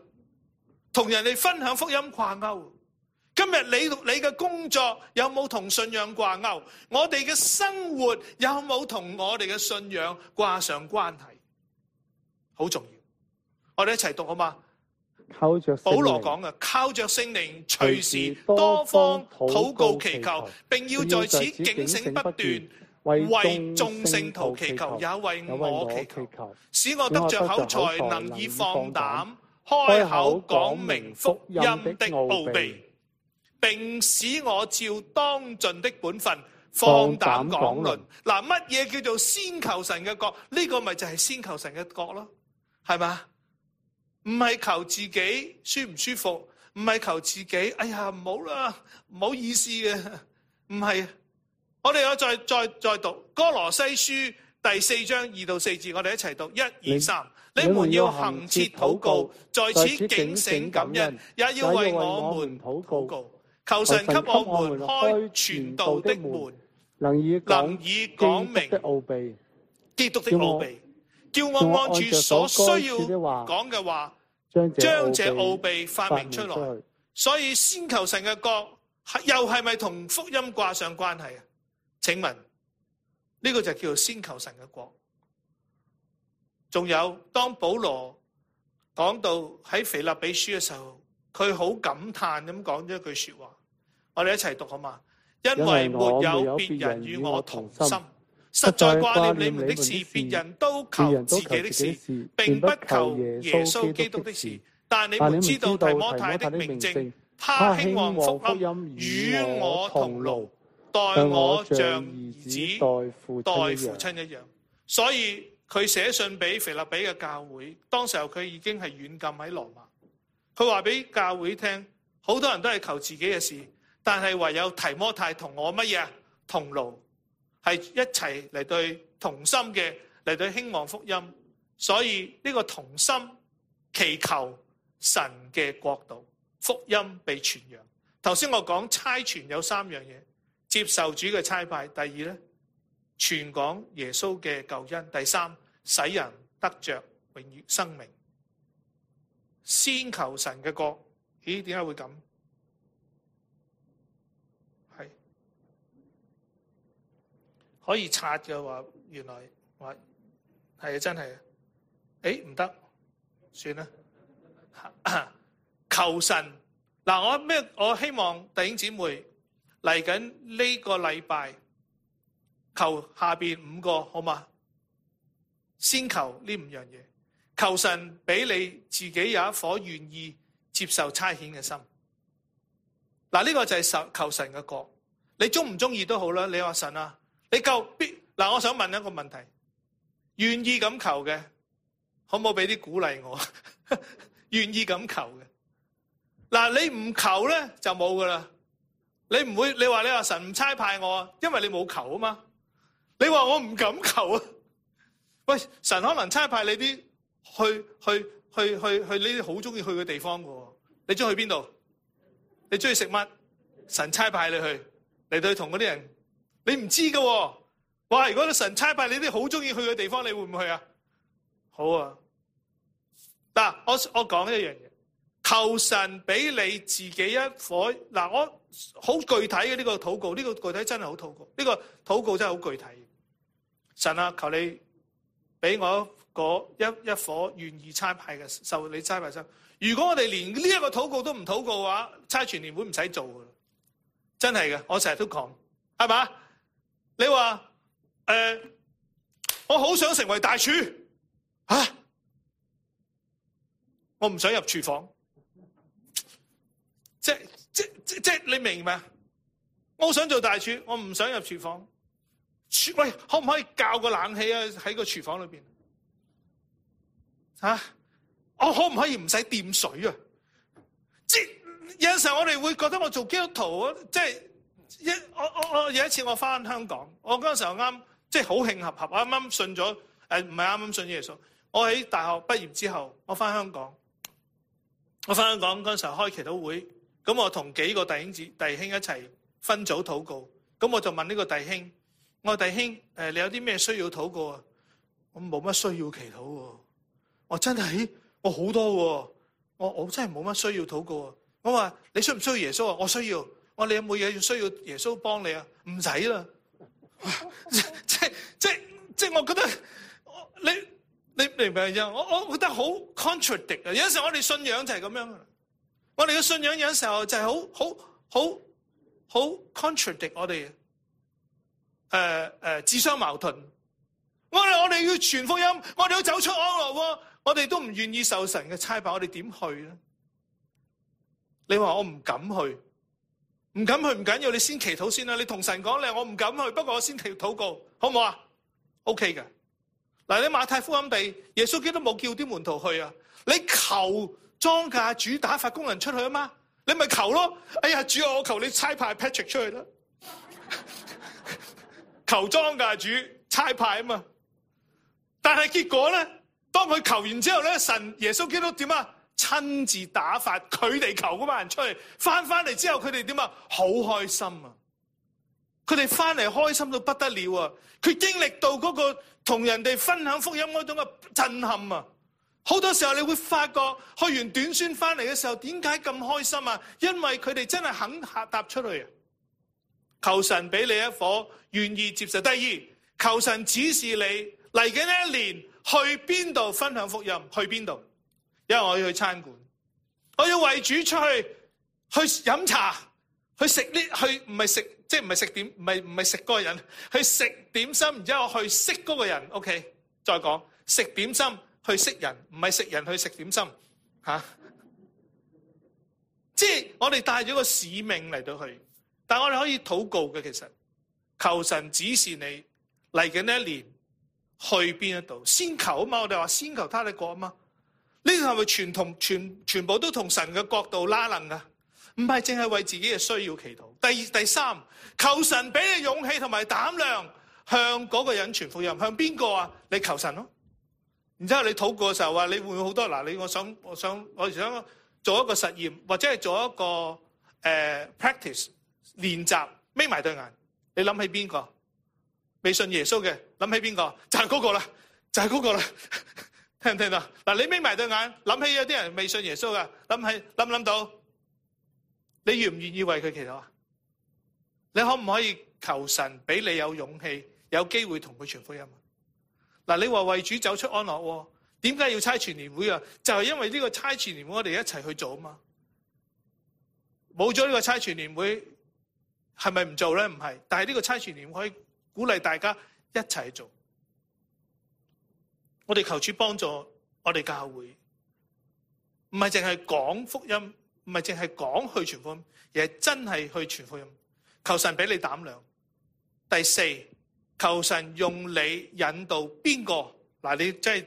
同人哋分享福音掛勾。掛鉤今日你你嘅工作有冇同信仰掛鈎？我哋嘅生活有冇同我哋嘅信仰掛上關係？好重要，我哋一齊讀好嗎？靠着保羅講嘅，靠着聖靈，隨時多方禱告祈求，並要在此警醒不斷，為眾聖徒祈求，也為我祈求，使我得着口才能以放膽開口講明福音的奧秘。並使我照當盡的本分放膽講論。嗱，乜嘢叫做先求神嘅國？呢個咪就係先求神嘅國咯，係嘛？唔係求自己舒唔舒服，唔係求自己。哎呀，唔好啦，唔好意思嘅，唔係。我哋我再再再讀《哥羅西書》第四章二到四節，我哋一齊讀一二三。你們要恆切禱告，在此警醒感恩，也要為我們禱告。求神給我，我們開全道的門，能以講，能以講明的奧秘、基督的奧秘，叫我按住所需要講嘅話，將這奧秘發明出來。所以先求神嘅國，又係咪同福音掛上關係啊？請問呢、這個就叫做先求神嘅國？仲有當保羅講到喺腓立比書嘅時候，佢好感嘆咁講咗一句說話。我哋一齊讀好嘛？因為沒有別人與我，我，我同心，實在掛念你們的事，別人都求自己的事，並不求耶穌基督的事。但你們知道提摩太的名證，他興旺福音與我同勞，待我像兒子，待父親一樣。所以佢寫信俾腓立比嘅教會，當時候佢已經係軟禁喺羅馬，佢話俾教會聽，好多人都係求自己嘅事。但是唯有提摩太我同我乜嘢同勞，係一齊嚟對同心嘅嚟對興旺福音。所以呢、這個同心祈求神嘅國度，福音被傳揚。頭先我講差傳有三樣嘢：接受主嘅差派，第二咧，傳講耶穌嘅救恩，第三使人得着永遠生命。先求神嘅國，咦？點解會咁？可以拆嘅話，原來話係真係誒，唔、欸、得，算啦。求神嗱，我咩？我希望弟兄姊妹嚟緊呢個禮拜，求下邊五個好嘛？先求呢五樣嘢，求神俾你自己有一顆願意接受差遣嘅心。嗱，呢個就係求求神嘅國，你中唔中意都好啦。你話神啊？你夠必嗱，我想問一個問題：願意咁求嘅，可唔可以俾啲鼓勵我？ 願意咁求嘅嗱，你唔求咧就冇噶啦。你唔會你話你話神唔差派我啊，因為你冇求啊嘛。你話我唔敢求啊？喂，神可能差派你啲去去去去去呢啲好中意去嘅地方噶。你中意去邊度？你中意食乜？神差派你去嚟，到同嗰啲人，你唔知喎。哇！如果你神差派你啲好中意去嘅地方，你會唔會去啊？好啊！嗱，我我講一樣嘢，求神俾你自己一顆。嗱，我好具體嘅呢個禱告，呢、這個具體真係好禱告，呢、這個禱告真係好具、這個、具體。神啊，求你俾我一個一顆願意差派嘅受你差派心，如果我哋連呢一個禱告都唔禱告嘅話，差傳年會唔使做噶啦，真係嘅。我成日都講，係嘛？你話誒、呃，我好想成為大廚啊！我唔想入廚房，即即即即你明唔明啊？我好想做大廚，我唔想入廚房。喂，可唔可以較個冷氣啊？喺個廚房裏邊啊，我可唔可以唔使掂水啊？即有陣時我哋會覺得我做基督徒啊，即係。一我我我有一次我翻香港，我嗰時候啱即係好慶合合，啱啱信咗誒，唔係啱啱信耶穌。我喺大學畢業之後，我翻香港，我翻香港嗰時候開祈禱會，咁我同幾個弟兄子弟兄一齊分組禱告，咁我就問呢個弟兄，我話弟兄誒，你有啲咩需要禱告啊？我冇乜需要祈禱喎。我真係我好多喎，我我真係冇乜需要禱告啊！我話你需唔需要耶穌啊？我需要。我哋有冇嘢要需要耶穌幫你啊？唔使啦，即即即我覺得，你你明唔明啫？我我覺得好 contradict 啊！有時候我哋信仰就係咁樣嘅，我哋嘅信仰有時候就係好好好好 contradict 我哋，誒、呃、誒，自、呃、相矛盾。我哋我哋要傳福音，我哋要走出安樂窩啊。我哋都唔願意受神嘅差派，我哋點去咧？你話我唔敢去。唔敢去唔緊要，你先祈禱先啦。你同神講，你我唔敢去，不過我先祈禱，禱告好唔好啊？OK 㗎！嗱，你馬太福音地耶穌基督冇叫啲門徒去啊？你求莊稼主打發工人出去啊嘛？你咪求咯。哎呀，主啊我求你差派 Patrick 出去啦。 求莊稼主差派啊嘛。但係結果咧，當佢求完之後咧，神耶穌基督點啊？親自打發佢哋求嗰班人出嚟，翻翻嚟之後佢哋點啊？好開心啊！佢哋翻嚟開心到不得了啊！佢經歷到嗰個同人哋分享福音嗰種嘅震撼啊！好多時候你會發覺去完短宣翻嚟嘅時候，點解咁開心啊？因為佢哋真係肯下踏出去啊！求神俾你一顆願意接受。第二，求神指示你嚟緊呢一年去邊度分享福音，去邊度。因為我要去餐館，我要為主出去去飲茶，去食呢？去唔係食即係唔係食點？唔係唔係食嗰個人去食點心，然之後去識嗰個人。O、okay? K，再講食點心去識人，唔係食人去食點心吓。啊、 即係我哋帶咗個使命嚟，到去，但我哋可以禱告嘅。其實求神指示你嚟緊呢一年去邊一度先求啊嘛，我哋話先求祂的國啊嘛。呢個係咪全同全全部都同神嘅角度拉楞啊？唔係淨係為自己嘅需要祈禱。第二、第三，求神俾你勇氣同埋膽量向嗰個人傳福音，向邊個啊？你求神咯。然之後你禱告嘅時候話：你會唔唔好多嗱？你我想我想我想，我想做一個實驗，或者係做一個、呃、practice 練習，眯埋對眼。你諗起邊個未信耶穌嘅？諗起邊個就係嗰個啦，就係、是、嗰個啦。就是 聽唔聽到？嗱，你眯埋對眼，諗起有啲人未信耶穌㗎，諗起諗唔諗到，你願唔願意為佢祈禱啊？你可唔可以求神俾你有勇氣、有機會同佢傳福音啊？嗱，你話為主走出安樂，點解要差傳年會啊？就係、是、因為呢個差傳年會，我哋一齊去做嘛。冇咗呢個差傳年會，係咪唔做呢？唔係，但係呢個差傳年會可以鼓勵大家一齊做。我哋求主幫助我哋教會，唔係淨係講福音，唔係淨係講去傳福音，而係真係去傳福音。求神俾你膽量。第四，求神用你引導邊個嗱，你即係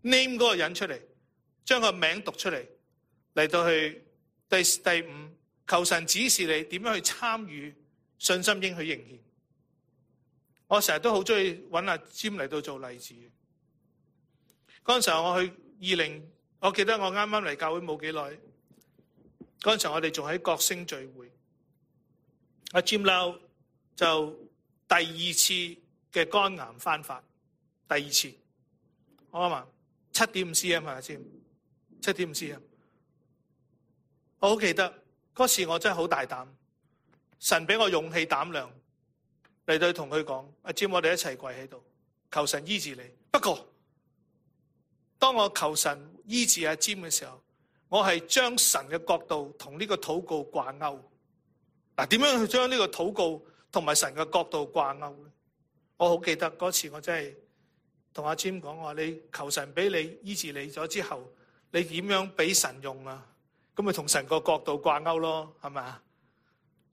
name 嗰個人出嚟，將個名讀出嚟嚟到去。第第五，求神指示你點樣去參與信心應許奉獻。我成日都好中意揾阿占嚟到做例子嗰陣時候，我去二零，我記得我啱啱嚟教會冇幾耐。嗰陣時候，我哋仲喺國星聚會，阿 Jim Lau 就第二次嘅肝癌翻發，第二次，啱嘛？七點五 C M 啊，阿 Jim，七點五 C M。我好記得嗰次，嗰時我真係好大膽，神俾我勇氣膽量嚟到同佢講，阿 Jim，我哋一齊跪喺度求神醫治你。不過，當我求神醫治阿 jam 嘅時候，我係將神嘅角度同呢個禱告掛鈎。嗱，點樣去將呢個禱告同埋神嘅角度掛鈎咧？我好記得嗰次我的，我真係同阿 jam 講，話你求神俾你醫治你咗之後，你點樣俾神用啊？咁咪同神個角度掛鈎咯，係咪？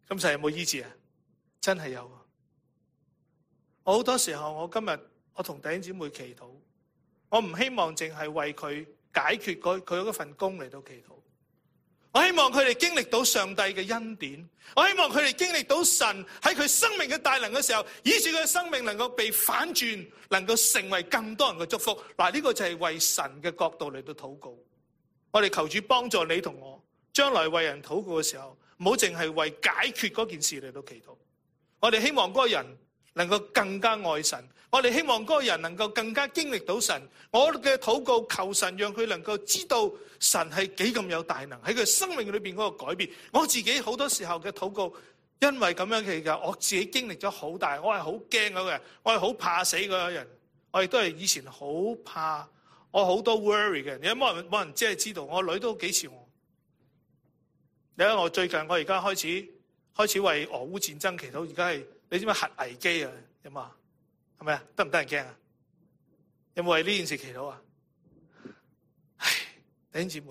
今次有冇醫治啊？真係有。我好多時候，我今日我同弟兄姐妹祈禱。我唔希望淨係為佢解決佢嗰份工嚟到祈禱，我希望佢哋經歷到上帝嘅恩典，我希望佢哋經歷到神喺佢生命嘅大能嘅時候，以致佢嘅生命能夠被反轉，能夠成為更多人嘅祝福。嗱，呢個就係為神嘅角度嚟到禱告。我哋求主幫助你同我，將來為人禱告嘅時候，唔好淨係為解決嗰件事嚟到祈禱。我哋希望嗰個人。能夠更加愛神，我哋希望嗰個人能夠更加經歷到神。我嘅禱告求神讓佢能夠知道神係幾咁有大能喺佢生命裏邊嗰個改變。我自己好多時候嘅禱告，因為咁樣嘅。其實，我自己經歷咗好大，我係好驚嗰個人，我係好怕死嗰個人，我亦都係以前好怕，我好多 worry 嘅。有冇人冇人真係知道？我女都幾似我。你睇我最近，我而家開始開始為俄烏戰爭祈禱，而家係。你知唔知核危機啊？有冇啊？係咪啊？得唔得人驚啊？有冇為呢件事祈禱啊？唉，弟兄姐妹，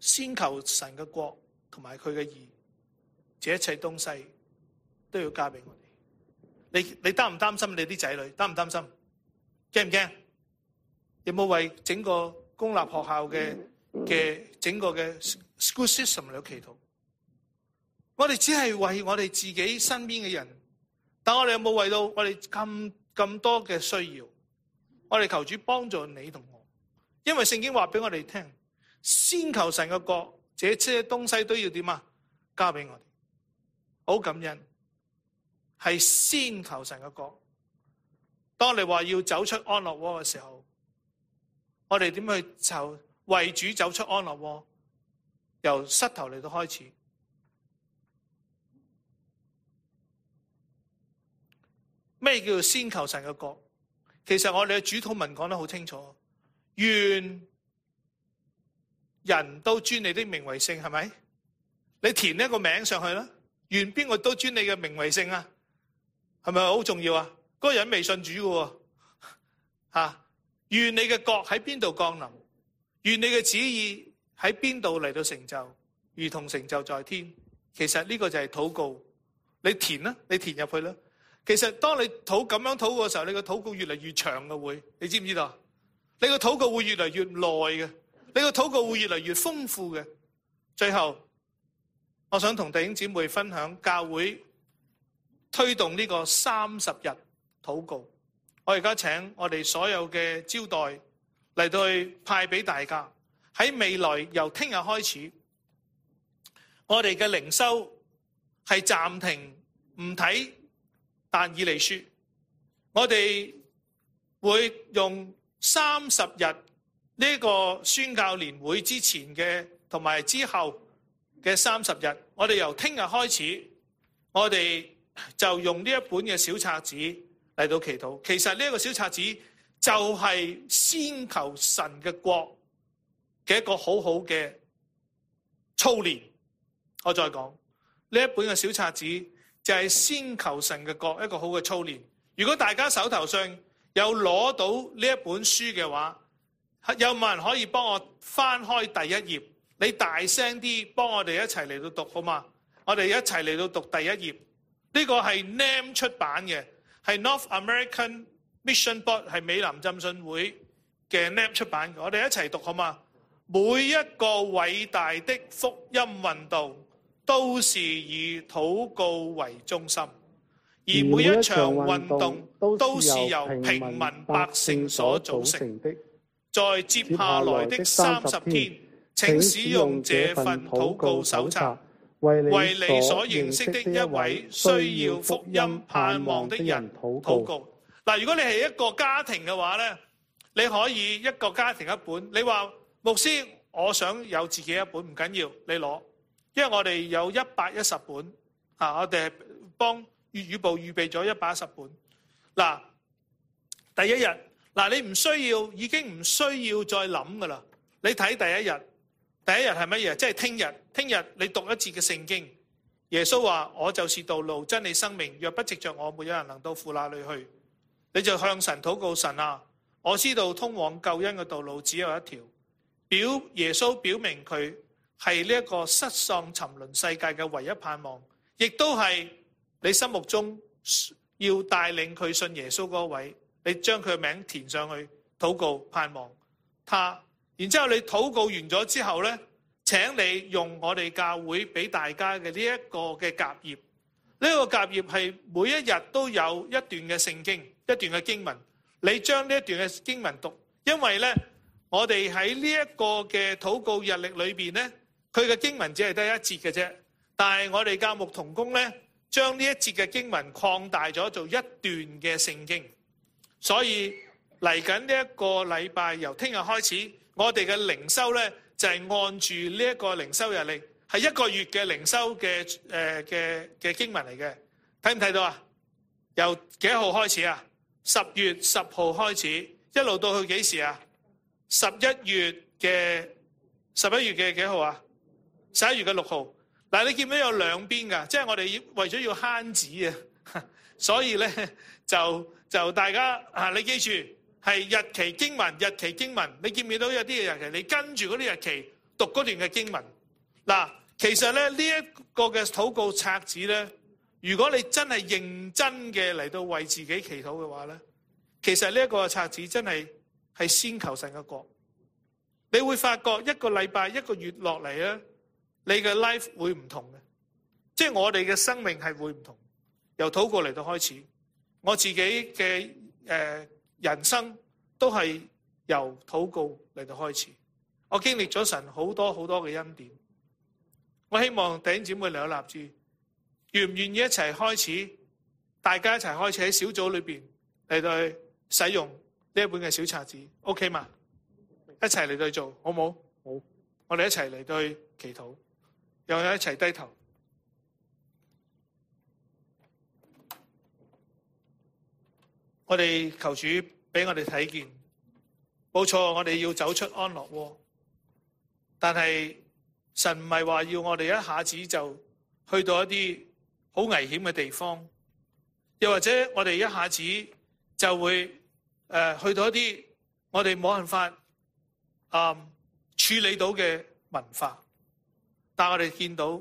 先求神嘅國同埋佢嘅義，這一切東西都要加俾我哋。你你擔唔擔心你啲仔女？擔唔擔心？驚唔驚？有冇為整個公立學校嘅整個嘅 school system 嚟祈禱？我哋只係為我哋自己身邊嘅人，但我哋有冇為到我哋咁咁多嘅需要？我哋求主幫助你同我，因為聖經話俾我哋聽，先求神嘅國，這些東西都要點啊？交俾我哋，好感恩，係先求神嘅國。當你話要走出安樂窩嘅時候，我哋點去求？為主走出安樂窩？由膝頭嚟到開始。咩叫做先求神嘅國？其實我哋嘅主禱文講得好清楚，願人都尊你的名為聖，係咪？你填一個名字上去啦，願邊個都尊你嘅名為聖啊？係咪好重要啊？嗰個人未信主嘅喎，吓、啊，願你嘅國喺邊度降臨，願你嘅旨意喺邊度嚟到成就，如同成就在天。其實呢個就係禱告，你填啦，你填入去啦。其實當你禱咁樣禱嘅時候，你個禱告越嚟越長嘅會，你知唔知道？你個禱告會越嚟越耐嘅，你個禱告會越嚟越豐富嘅。最後，我想同弟兄姐妹分享教會推動呢個三十日禱告。我而家請我哋所有嘅招待嚟到去派俾大家喺，未來由聽日開始，我哋嘅靈修係暫停不看，唔睇。但以嚟説，我哋會用三十日呢個宣教年會之前嘅同埋之後嘅三十日，我哋由聽日開始，我哋就用呢一本嘅小冊子嚟到祈禱。其實呢一個小冊子就係先求神嘅國嘅一個好好嘅操練。我再講呢一本嘅小冊子。就係、是、先求神嘅國一個好嘅操練。如果大家手頭上有攞到呢一本書嘅話，有冇人可以幫我翻開第一頁？你大聲啲幫我哋一齊嚟到讀好嗎？我哋一齊嚟到讀第一頁。呢、這個係 NAM 出版嘅，係 North American Mission Board 係美南浸信會嘅 NAM 出版。我哋一齊讀好嗎？每一個偉大的福音運動。都是以禱告為中心，而每一場運動都是由平民百姓所組成的。在接下來的三十天，請使用這份禱告手冊，為你所認識的一位需要福音盼望的人禱告。嗱，如果你係一個家庭嘅話咧，你可以一個家庭一本。你話牧師，我想有自己一本，唔緊要，你攞。因為我哋有一百一十本啊，我哋幫粵語部預備咗一百一十本。嗱、啊，第一日嗱、啊，你唔需要，已經唔需要再諗噶啦。你睇第一日，第一日係乜嘢？即係聽日，聽日你讀一節嘅聖經。耶穌話：我就是道路、真理、生命，若不藉著我，沒有人能到父那裡去。你就向神禱告，神啊，我知道通往救恩嘅道路只有一條。表耶穌表明佢，係呢一個失喪沉淪世界嘅唯一盼望，亦都係你心目中要帶領佢信耶穌嗰位。你將佢嘅名填上去，禱告盼望他。然之後你禱告完咗之後呢，請你用我哋教會俾大家嘅呢一個嘅夾頁，呢個夾頁係每一日都有一段嘅聖經，一段嘅經文。你將呢一段嘅經文讀，因為呢，我哋喺呢一個嘅禱告日曆裏邊呢。佢嘅經文只係得一節嘅啫，但係我哋教牧同工咧，將呢一節嘅經文擴大咗做一段嘅聖經。所以嚟緊呢一個禮拜，由聽日開始，我哋嘅靈修咧就係、是、按住呢一個靈修日曆，係一個月嘅靈修嘅誒嘅嘅經文嚟嘅。睇唔睇到啊？由幾號開始啊？十月十號開始，一路到去幾時啊？十一月嘅十一月嘅幾號啊？十一月嘅六號，嗱，你見唔見到有兩邊噶？即係我哋要為咗要慳紙啊，所以咧就就大家啊，你記住係日期經文，日期經文，你見唔見到有啲嘅日期？你跟住嗰啲日期讀嗰段嘅經文。嗱，其實咧呢一個嘅禱告冊子咧，如果你真係認真嘅嚟到為自己祈禱嘅話咧，其實呢一個嘅冊子真係係先求神嘅國。你會發覺一個禮拜一個月落嚟咧。你嘅 life 會唔同嘅，即係我哋嘅生命係會唔同的，由禱告嚟到開始。我自己嘅誒、呃、人生都係由禱告嚟到開始。我經歷咗神好多好多嘅恩典。我希望弟兄姊妹嚟到立志，願唔願意一齊開始？大家一齊開始喺小組裏面嚟到使用呢一本嘅小冊子，OK 嘛？一齊嚟到做好冇？好，我哋一齊嚟到去祈禱。又一齊低頭，我哋求主畀我哋睇見，冇錯，我哋要走出安樂窩。但係，神唔係話要我哋一下子就去到一啲好危險嘅地方，又或者我哋一下子就會誒、呃、去到一啲我哋冇辦法啊、呃、處理到嘅文化。但我哋見到，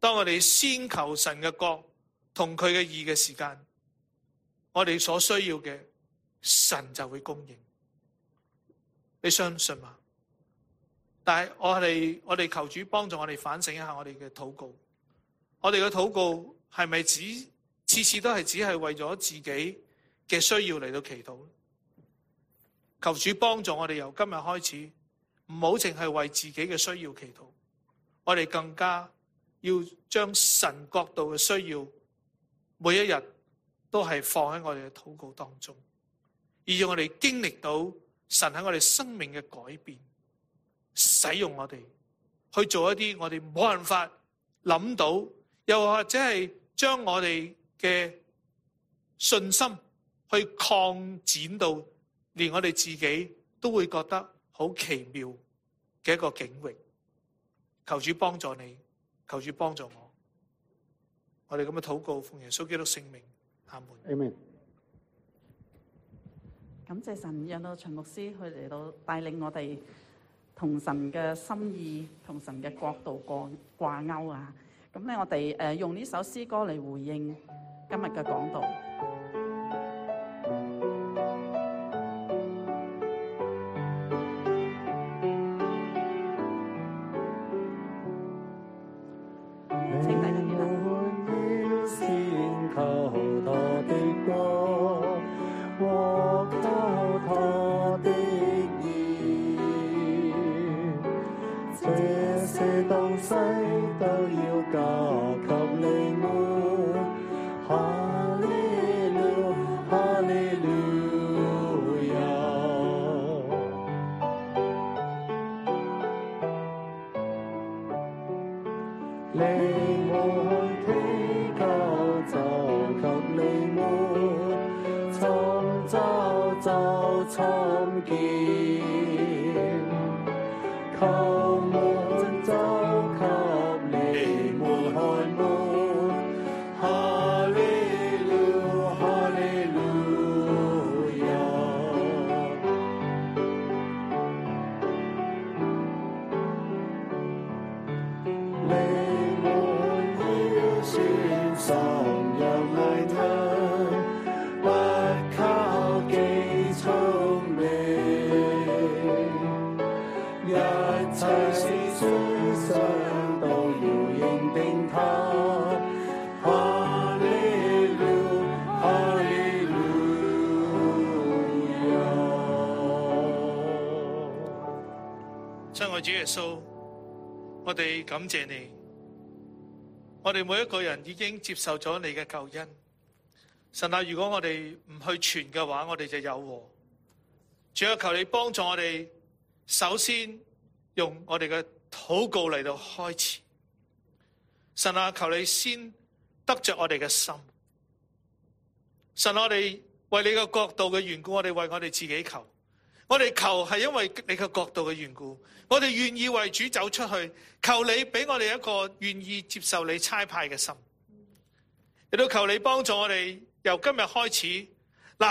當我哋先求神嘅國同佢嘅義嘅時間，我哋所需要嘅神就會供應。你相信嗎？但係我哋我哋求主幫助我哋反省一下我哋嘅禱告。我哋嘅禱告係咪只次次都係只係為咗自己嘅需要嚟到祈禱？求主幫助我哋由今日開始，唔好淨係為自己嘅需要祈禱。我哋更加要將神國度嘅需要，每一日都係放喺我哋嘅禱告當中，而要我哋經歷到神喺我哋生命嘅改變，使用我哋去做一啲我哋冇辦法諗到，又或者係將我哋嘅信心去擴展到連我哋自己都會覺得好奇妙嘅一個境域。求主幫助你，求主幫助我。我哋咁樣禱告奉耶穌基督聖名，阿門。Amen 感謝神讓到秦牧師佢嚟到帶領我哋同神嘅心意同神嘅國度掛掛勾啊！咁咧我哋用呢首詩歌嚟回應今日嘅講道。So, 我哋感謝你，我哋每一個人已經接受咗你嘅救恩。神啊，如果我哋唔去傳嘅話，我哋就有禍。主啊，求你幫助我哋，首先用我哋嘅禱告嚟到開始。神啊，求你先得着我哋嘅心。神，我哋為你嘅國度嘅緣故，我哋為我哋自己求。我哋求係因為你個國度嘅緣故，我哋願意為主走出去。求你俾我哋一個願意接受你差派嘅心，亦都求你幫助我哋由今日開始立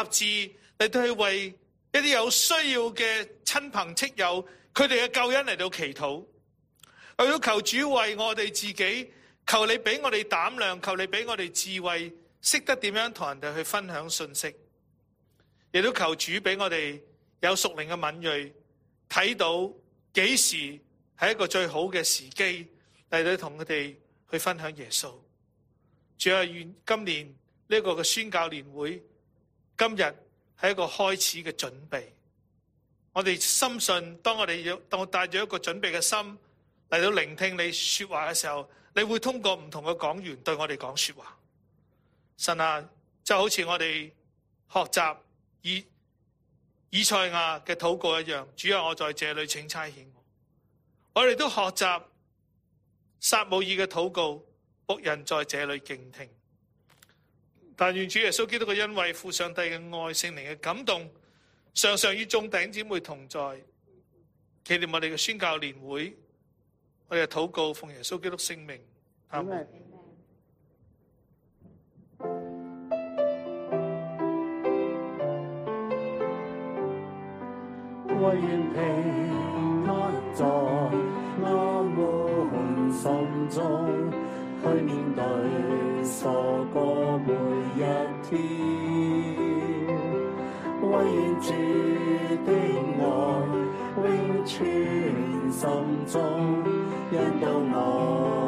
志，嚟到去為一啲有需要嘅親朋戚友，佢哋嘅救恩嚟到祈禱。亦都求主為我哋自己，求你俾我哋膽量，求你俾我哋智慧，識得點樣同人哋去分享信息。亦都求主俾我哋。有熟齡嘅敏銳，睇到幾時係一個最好嘅時機嚟到同佢哋去分享耶穌。主要係願今年呢個嘅宣教年會今日係一個開始嘅準備。我哋深信，當我哋要當我帶住一個準備嘅心嚟到聆聽你說話嘅時候，你會通過唔同嘅講員對我哋講說話。神啊，就好似我哋學習以以賽亞的禱告一樣，主要我在這裏，請差遣我。我哋都學習撒母耳的禱告，僕人在這裏敬聽。但願主耶穌基督的恩惠、父上帝的愛、聖靈的感動，常常與眾弟兄姊妹同在。紀念我哋嘅宣教年會，我哋嘅禱告奉耶穌基督聖名。我願平安在我們心中，去面對所過每一天。願主的愛永存心中，引導我。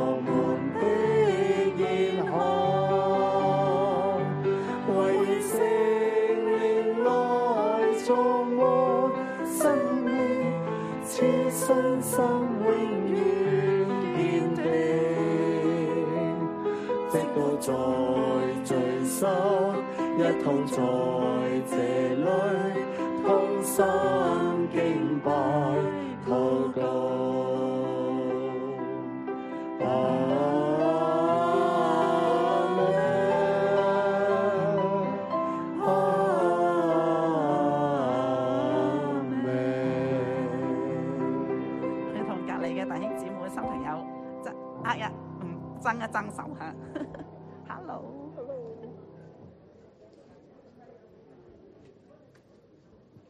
真心永遠堅定，直到再聚首，一同在這裏通心經。